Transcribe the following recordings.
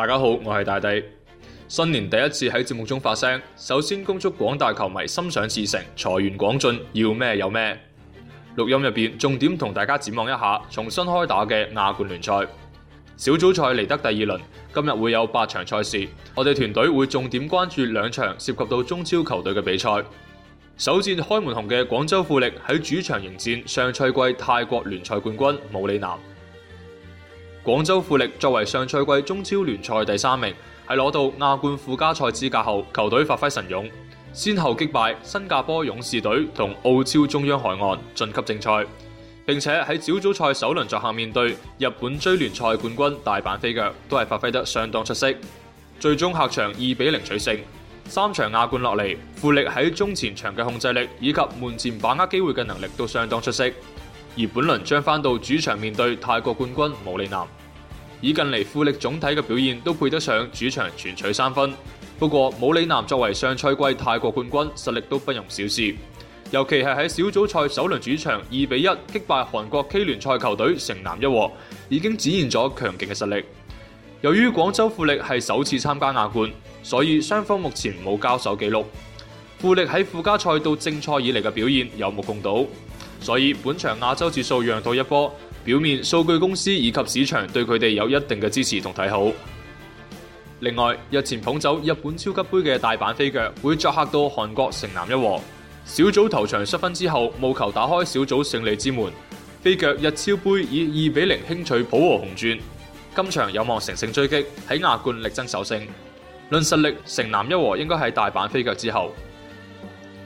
大家好，我係大帝，新年第一次喺節目中發聲，首先恭祝廣大球迷心想事成，財源廣進，要咩有咩。錄音入邊重點同大家展望一下，重新開打嘅亞冠聯賽小組賽嚟得第二輪，今日會有八場賽事，我哋團隊會重點關注兩場涉及到中超球隊嘅比賽。首戰開門紅嘅廣州富力喺主場迎戰上賽季泰國聯賽冠軍武里南。廣州富力作為上賽季中超聯賽第三名，係攞到亞冠附加賽資格後，球隊發揮神勇，先後擊敗新加坡勇士隊同澳超中央海岸晉級正賽，並且喺小組賽首輪作下面對日本 J 聯賽冠軍大阪飛腳，都係發揮得相當出色，最終客場2比0取勝。三場亞冠落嚟，富力喺中前場嘅控制力以及門前把握機會嘅能力都相當出色。而本輪將返到主場面對泰國冠軍武里南，以近嚟富力總體嘅表現都配得上主場全取三分。不過武里南作為上賽季泰國冠軍，實力都不容小視，尤其係喺小組賽首輪主場二比一擊敗韓國 K 聯賽球隊城南一和，已經展現咗強勁嘅實力。由於廣州富力係首次參加亞冠，所以雙方目前冇交手記錄。富力喺附加賽到正賽以嚟嘅表現有目共睹。所以本場亞洲指數讓到一波，表面數據公司以及市場對佢哋有一定嘅支持同睇好。另外，日前捧走日本超級杯嘅大阪飛腳會作客到韓國城南一和。小組頭場失分之後，務求打開小組勝利之門。飛腳日超杯以二比零輕取浦和紅鑽，今場有望乘勝追擊喺亞冠力爭首勝。論實力，城南一和應該喺大阪飛腳之後。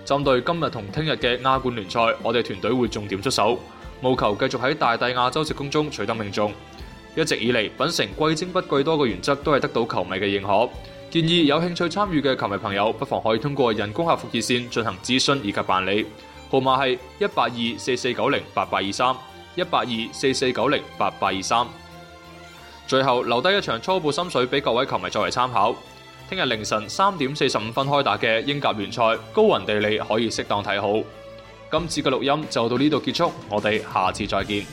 針對今日同聽日嘅亞冠聯賽，我哋團隊會重點出手，務求繼續喺大帝亞洲直攻中取得命中。一直以嚟，秉承貴精不貴多嘅原則都係得到球迷嘅認可。建議有興趣參與嘅球迷朋友，不妨可以通過人工客服熱線進行諮詢以及辦理，號碼係一八二四四九零八八二三一八二四四九零八八二三。最後留低一場初步心水俾各位球迷作為參考。聽日凌晨三點四十五分開打嘅英甲聯賽，高雲地理可以適當睇好。今次嘅錄音就到呢度結束，我哋下次再見。